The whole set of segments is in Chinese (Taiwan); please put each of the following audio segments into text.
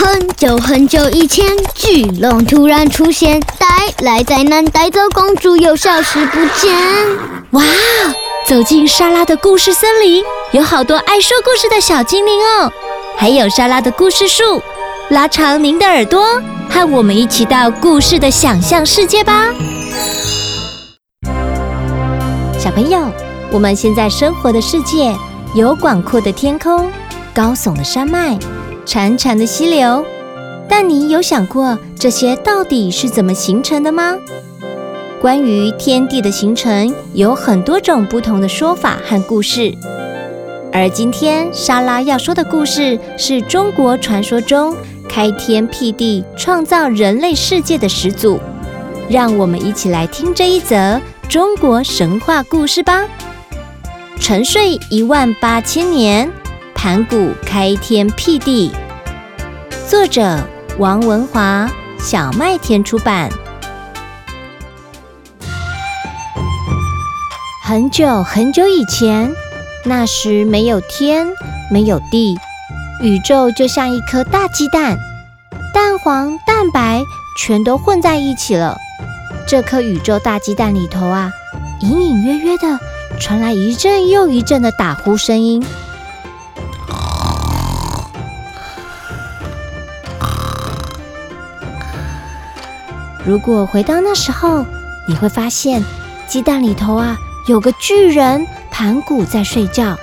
很久很久以前，巨龍突然出現，帶來災難，帶走公主，又消失不見。哇！走進莎拉的故事森林，有好多愛說故事的小精靈哦，還有莎拉的故事樹。拉長您的耳朵，和我們一起到故事的想象世界吧。小朋友，我們現在生活的世界有廣闊的天空，高聳的山脈。潺潺的溪流，但你有想過這些到底是怎麼形成的嗎？關於天地的形成，有很多種不同的說法和故事。而今天莎拉要說的故事，是中國傳說中開天辟地、創造人類世界的始祖。讓我們一起來聽這一則中國神話故事吧。沉睡一萬八千年。《盤古開天闢地》，作者王文華，小麥田出版。很久很久以前，那時沒有天，沒有地，宇宙就像一顆大雞蛋，蛋黃、蛋白全都混在一起了。這顆宇宙大雞蛋裡頭啊，隱隱約約的傳來一陣又一陣的打呼聲音。如果回到那時候，你會發現雞蛋裡頭啊，有個巨人盤古在睡覺。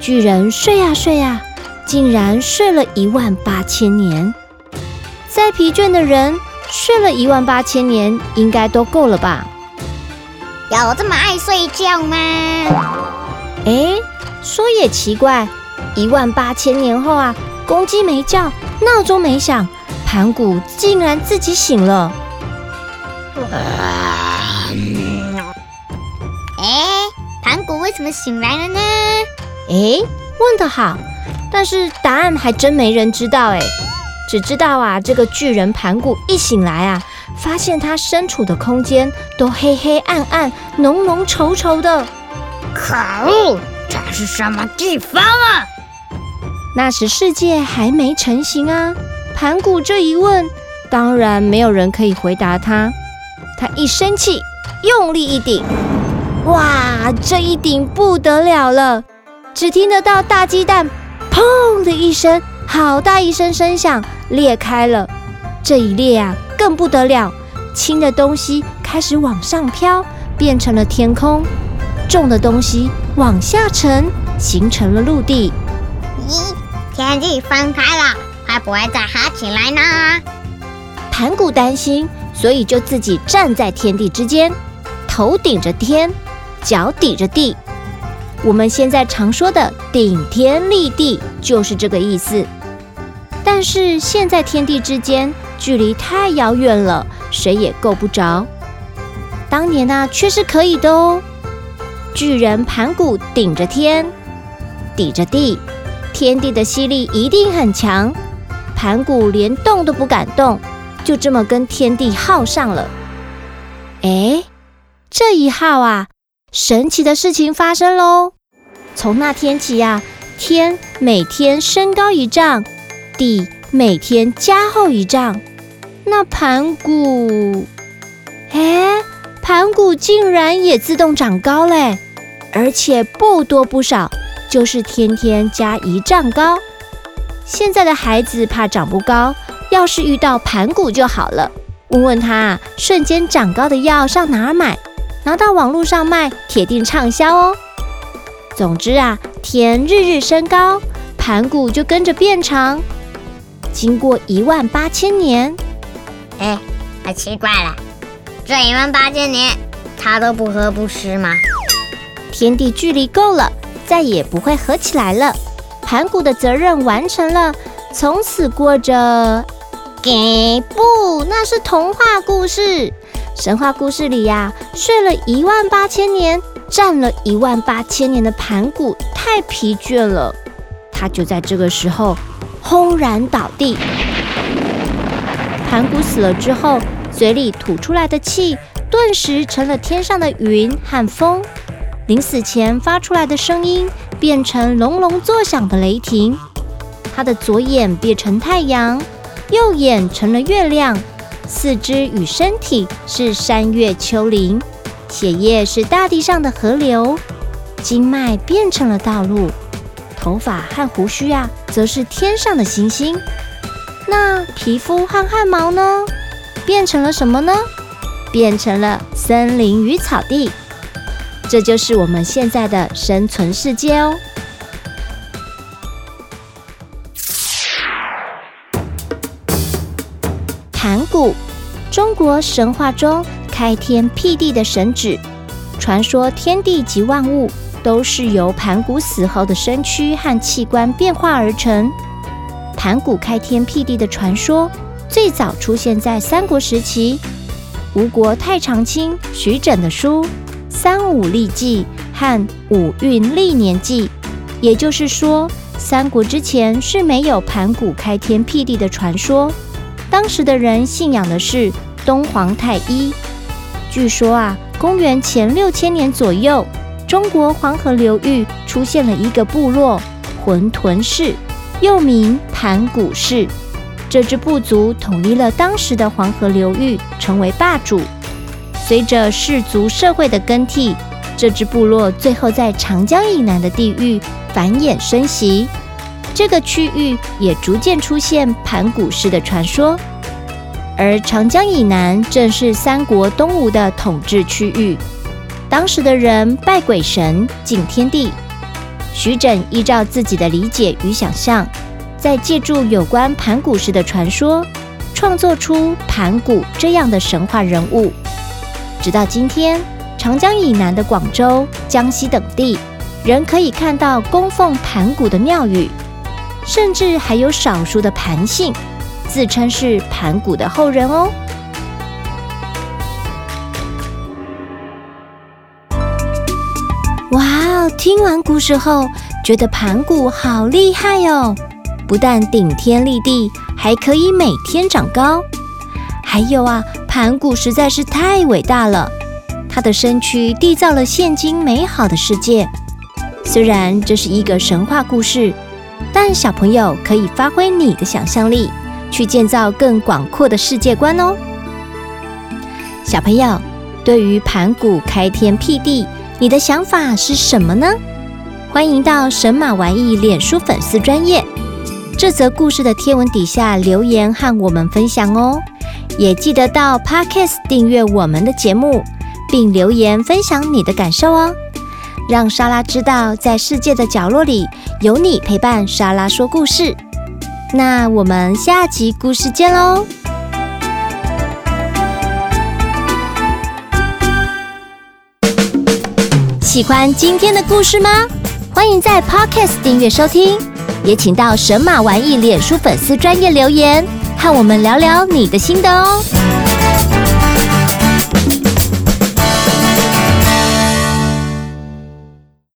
巨人睡呀睡呀，竟然睡了一萬八千年。再疲倦的人睡了一萬八千年，應該都夠了吧？有這麼愛睡覺嗎？哎，說也奇怪，一萬八千年後啊，公雞沒叫，鬧鐘沒響。盤古竟然自己醒了！哎、呃，盤古為什麼醒來了呢？哎，問得好，但是答案還真沒人知道哎，只知道啊，這個巨人盤古一醒來啊，發現他身處的空間都黑黑暗暗、濃濃稠稠的。可惡，這是什麼地方啊？那時世界還沒成型啊。盤古這一問，當然沒有人可以回答他。他一生氣，用力一頂，哇！這一頂不得了了，只聽得到大雞蛋“砰”的一聲，好大一聲聲響，裂開了。這一裂啊，更不得了，輕的東西開始往上飄，變成了天空；重的東西往下沉，形成了陸地。咦，天地分開了。不會再合起來呢？盤古擔心，所以就自己站在天地之間，頭頂着天，腳抵着地。我們現在常說的“頂天立地”就是這個意思。但是現在天地之間距離太遙遠了，誰也夠不着。當年呢、啊，確實可以的哦。巨人盤古頂着天，抵着地，天地的吸力一定很強。盤古連動都不敢動，就這麼跟天地耗上了。哎，這一耗啊，神奇的事情發生嘍！從那天起呀、啊，天每天升高一丈，地每天加厚一丈。那盤古，哎，盤古竟然也自動長高嘞，而且不多不少，就是天天加一丈高。現在的孩子怕長不高，要是遇到盤古就好了，問問他啊，瞬間長高的藥上哪兒買，拿到網絡上賣，鐵定暢銷哦。總之啊，天日日升高，盤古就跟着變長。經過一萬八千年，哎，奇怪了，這一萬八千年他都不喝不吃嗎？天地距離夠了，再也不會合起來了。盤古的責任完成了，從此過着……給、呃、不？那是童話故事，神話故事裡呀、啊。睡了一萬八千年，站了一萬八千年的盤古太疲倦了，他就在這個時候轟然倒地。盤古死了之後，嘴裡吐出來的氣頓時成了天上的雲和風，臨死前發出來的聲音，變成隆隆作響的雷霆，他的左眼變成太陽，右眼成了月亮，四肢與身體是山岳丘陵，血液是大地上的河流，經脈變成了道路，頭髮和鬍鬚啊，則是天上的星星。那皮膚和汗毛呢？變成了什麼呢？變成了森林與草地。這就是我們現在的生存世界哦。盤古，中國神話中開天闢地的神祇，傳說天地及萬物都是由盤古死後的身軀和器官變化而成。盤古開天闢地的傳說最早出現在三國時期，吳國太常卿徐整的書。三五歷紀和五運歷年紀，也就是說，三國之前是沒有盤古開天闢地的傳說。當時的人信仰的是東皇太一。據說啊，公元前六千年左右，中國黃河流域出現了一個部落——混沌氏，又名盤古氏。這支部族統一了當時的黃河流域，成為霸主。隨着氏族社會的更替，這支部落最後在長江以南的地域繁衍生息。這個區域也逐漸出現盤古氏的傳說。而長江以南正是三國東吳的統治區域。當時的人拜鬼神、敬天地。徐整依照自己的理解與想象，再借助有關盤古氏的傳說，創作出盤古這樣的神話人物。直到今天，長江以南的廣州、江西等地仍可以看到供奉盤古的廟宇，甚至還有少數的盤姓自稱是盤古的後人哦。哇哦！聽完故事後，覺得盤古好厲害哦，不但頂天立地，還可以每天長高，還有啊。盤古實在是太偉大了，他的身軀締造了現今美好的世界。雖然這是一個神話故事，但小朋友可以發揮你的想象力，去建造更廣闊的世界觀哦。小朋友，對於盤古開天闢地，你的想法是什麼呢？歡迎到神馬玩意臉書粉絲專頁，這則故事的貼文底下留言和我們分享哦。也記得到 Podcast 訂閱我們的節目，並留言分享你的感受哦，讓莎拉知道，在世界的角落裡有你陪伴莎拉說故事。那我們下集故事見嘍！喜歡今天的故事嗎？歡迎在 Podcast 訂閱收聽，也請到神馬玩意臉書粉絲專頁留言，和我們聊聊你的心得哦。